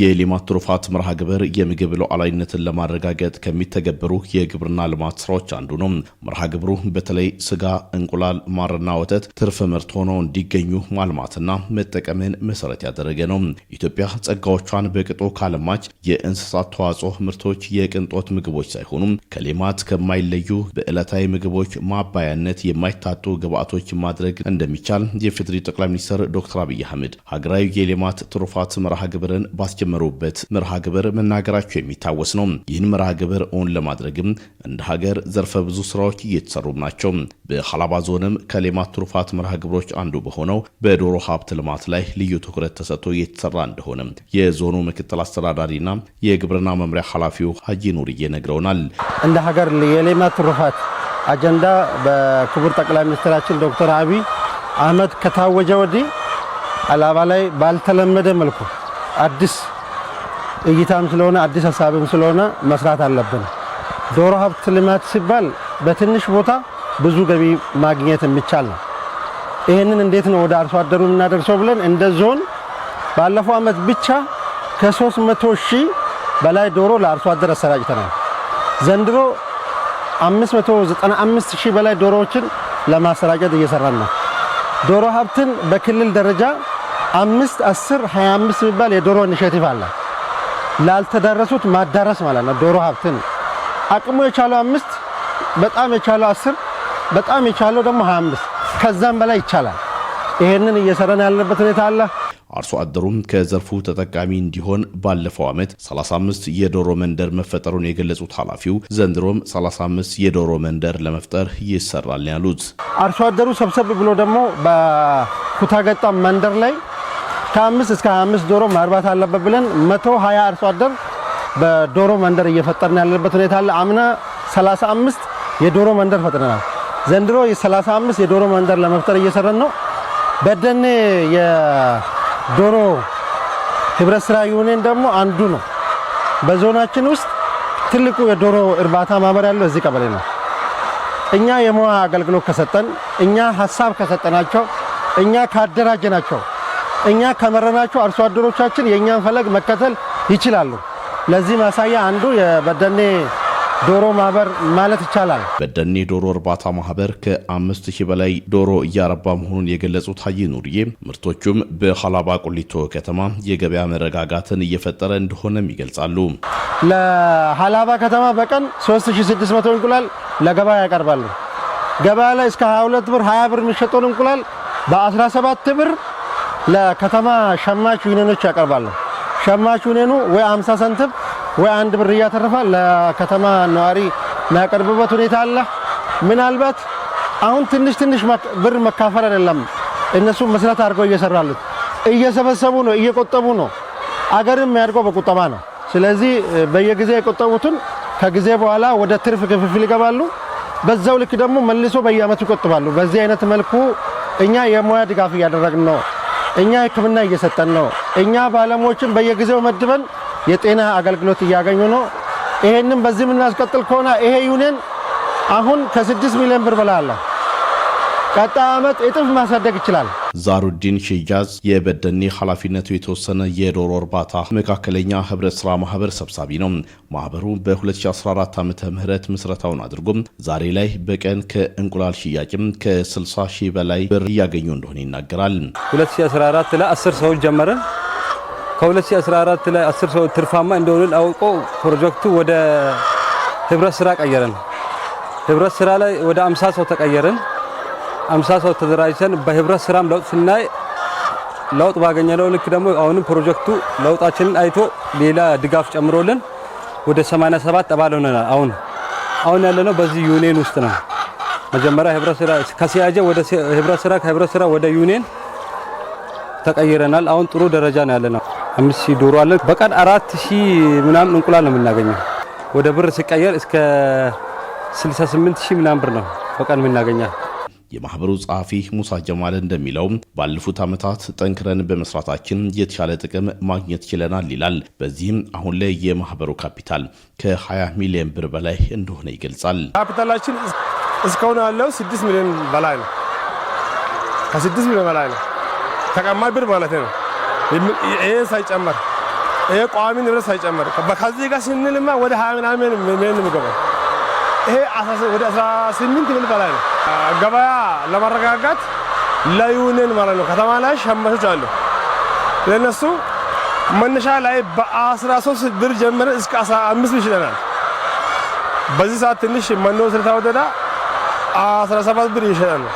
የሌማት ትሩፋት መርሃ ግብር የምግብ ሉዓላዊነትን ለማረጋገጥ ከሚተገበሩ የግብርና ልማት ስራዎች አንዱ ነው። መርሃ ግብሩ በተለይ ስጋ፣ እንቁላል፣ ማርና ወተት ትርፍ ምርት ሆነው እንዲገኙ ማልማትና መጠቀምን መሰረት ያደረገ ነው። ኢትዮጵያ ጸጋዎቿን በቅጦ ካለማች የእንስሳት ተዋጽኦ ምርቶች የቅንጦት ምግቦች ሳይሆኑም ከሌማት ከማይለዩ በዕለታዊ ምግቦች ማባያነት የማይታጡ ግብዓቶች ማድረግ እንደሚቻል የፌዴሪ ጠቅላይ ሚኒስትር ዶክተር አብይ አህመድ ሀገራዊ የሌማት ትሩፋት መርሃ ግብርን ባስጀመሩበት መርሃ ግብር መናገራቸው የሚታወስ ነው። ይህን መርሃ ግብር እውን ለማድረግም እንደ ሀገር ዘርፈ ብዙ ስራዎች እየተሰሩም ናቸው። በሀላባ ዞንም ከሌማት ትሩፋት መርሃ ግብሮች አንዱ በሆነው በዶሮ ሀብት ልማት ላይ ልዩ ትኩረት ተሰጥቶ እየተሰራ እንደሆነ የዞኑ ምክትል አስተዳዳሪና የግብርና መምሪያ ኃላፊው ሀጂ ኑርዬ ነግረውናል። እንደ ሀገር የሌማት ትሩፋት አጀንዳ በክቡር ጠቅላይ ሚኒስትራችን ዶክተር አብይ አህመድ ከታወጀ ወዲህ አላባ ላይ ባልተለመደ መልኩ አዲስ እይታም ስለሆነ አዲስ ሀሳብም ስለሆነ መስራት አለብን። ዶሮ ሀብት ልማት ሲባል በትንሽ ቦታ ብዙ ገቢ ማግኘት የሚቻል ነው። ይህንን እንዴት ነው ወደ አርሶ አደሩ የምናደርሰው ብለን እንደ ዞን ባለፈው ዓመት ብቻ ከ300 ሺህ በላይ ዶሮ ለአርሶ አደር አሰራጭተናል። ዘንድሮ 595 ሺህ በላይ ዶሮዎችን ለማሰራጨት እየሰራን ነው። ዶሮ ሀብትን በክልል ደረጃ አምስት አስር 25 የሚባል የዶሮ ኢኒሼቲቭ አለ። ላልተዳረሱት ማዳረስ ማለት ነው። ዶሮ ሀብትን አቅሙ የቻለው አምስት በጣም የቻለው አስር በጣም የቻለው ደግሞ ሀያ አምስት ከዛም በላይ ይቻላል። ይህንን እየሰራን ያለበት ሁኔታ አለ። አርሶ አደሩም ከዘርፉ ተጠቃሚ እንዲሆን ባለፈው ዓመት 35 የዶሮ መንደር መፈጠሩን የገለጹት ኃላፊው ዘንድሮም 35 የዶሮ መንደር ለመፍጠር ይሰራል ያሉት አርሶ አደሩ ሰብሰብ ብሎ ደግሞ በኩታገጣ መንደር ላይ ከአምስት እስከ 25 ዶሮ ማርባት አለበት ብለን 120 አርሶ አደር በዶሮ መንደር እየፈጠርን ያለበት ሁኔታ አለ። አምና 35 የዶሮ መንደር ፈጥነናል። ዘንድሮ 35 የዶሮ መንደር ለመፍጠር እየሰራን ነው። በደኔ የዶሮ ህብረት ስራ ዩኒየን ደግሞ አንዱ ነው። በዞናችን ውስጥ ትልቁ የዶሮ እርባታ ማህበር ያለው እዚህ ቀበሌ ነው። እኛ የሙያ አገልግሎት ከሰጠን፣ እኛ ሀሳብ ከሰጠናቸው፣ እኛ ካደራጀናቸው እኛ ከመረናቸው አርሶ አደሮቻችን የእኛን ፈለግ መከተል ይችላሉ። ለዚህ ማሳያ አንዱ የበደኔ ዶሮ ማህበር ማለት ይቻላል። በደኔ ዶሮ እርባታ ማህበር ከአምስት ሺህ በላይ ዶሮ እያረባ መሆኑን የገለጹት ሀይ ኑርዬ ምርቶቹም በሀላባ ቁሊቶ ከተማ የገበያ መረጋጋትን እየፈጠረ እንደሆነም ይገልጻሉ። ለሀላባ ከተማ በቀን 3600 እንቁላል ለገበያ ያቀርባሉ። ገበያ ላይ እስከ 22 ብር 20 ብር የሚሸጠውን እንቁላል በ17 ብር ለከተማ ሸማች ዩኒዮኖች ያቀርባሉ። ሸማች ዩኒዮኑ ወይ 50 ሰንትም ወይ አንድ ብር እያተረፈ ለከተማ ነዋሪ የሚያቀርብበት ሁኔታ አለ። ምናልባት አሁን ትንሽ ትንሽ ብር መካፈል አይደለም እነሱ መስራት አድርገው እየሰራሉት እየሰበሰቡ ነው፣ እየቆጠቡ ነው። አገርም የሚያድገው በቁጠባ ነው። ስለዚህ በየጊዜ የቆጠቡትን ከጊዜ በኋላ ወደ ትርፍ ክፍፍል ይገባሉ። በዛው ልክ ደግሞ መልሶ በየአመቱ ይቆጥባሉ። በዚህ አይነት መልኩ እኛ የሙያ ድጋፍ እያደረግን ነው። እኛ ሕክምና እየሰጠን ነው። እኛ ባለሙያዎችን በየጊዜው መድበን የጤና አገልግሎት እያገኙ ነው። ይሄንም በዚህ የምናስቀጥል ከሆነ ይሄ ዩኒየን አሁን ከስድስት ሚሊዮን ብር በላይ አለ። ቀጣይ ዓመት እጥፍ ማሳደግ ይችላል። ዛሩዲን ሽያዝ የበደኔ ኃላፊነቱ የተወሰነ የዶሮ እርባታ መካከለኛ ህብረት ስራ ማህበር ሰብሳቢ ነው። ማህበሩ በ2014 ዓ ም ምስረታውን አድርጎ ዛሬ ላይ በቀን ከእንቁላል ሽያጭም ከ60 ሺህ በላይ ብር እያገኙ እንደሆነ ይናገራል። 2014 ላይ 10 ሰዎች ጀመረን። ከ2014 ላይ 10 ሰዎች ትርፋማ እንደሆንን አውቆ ፕሮጀክቱ ወደ ህብረት ስራ ቀየረን። ህብረት ስራ ላይ ወደ 50 ሰው ተቀየረን። አምሳ ሰው ተደራጅተን በህብረት ስራም ለውጥ ስናይ ለውጥ ባገኘነው ልክ ደግሞ አሁንም ፕሮጀክቱ ለውጣችንን አይቶ ሌላ ድጋፍ ጨምሮልን ወደ 87 አባል ሆነናል። አሁን አሁን ያለነው በዚህ ዩኒየን ውስጥ ነው። መጀመሪያ ህብረት ስራ ከሲያጀ ወደ ህብረት ስራ ከህብረት ስራ ወደ ዩኒየን ተቀይረናል። አሁን ጥሩ ደረጃ ነው ያለነው። አምስት ሺህ ዶሮ አለን በቀን አራት ሺህ ምናምን እንቁላል ነው የምናገኘው። ወደ ብር ሲቀየር እስከ 68 ሺህ ምናምን ብር ነው በቀን የምናገኛል። የማህበሩ ጸሐፊ ሙሳ ጀማል እንደሚለው ባለፉት ዓመታት ጠንክረን በመስራታችን የተሻለ ጥቅም ማግኘት ችለናል ይላል። በዚህም አሁን ላይ የማህበሩ ካፒታል ከ20 ሚሊዮን ብር በላይ እንደሆነ ይገልጻል። ካፒታላችን እስካሁን ያለው 6 ሚሊዮን በላይ ነው። ከ6 ሚሊዮን በላይ ነው። ተቀማጭ ብር ማለት ነው። ይሄ ሳይጨመር ይሄ ቋሚ ንብረት ሳይጨመር ከዚህ ጋር ስንልማ ወደ 20 ምናምን ነው የሚገባው ይሄ ወደ 18 ብል በላይ ነው። ገበያ ለማረጋጋት ለዩኒን ማለት ነው። ከተማ ላይ ሸማቾች አሉ። ለእነሱ መነሻ ላይ በ13 ብር ጀምረ እስከ 15 ብር ይችለናል። በዚህ ሰዓት ትንሽ መኖ ስለተወደደ 17 ብር ነው።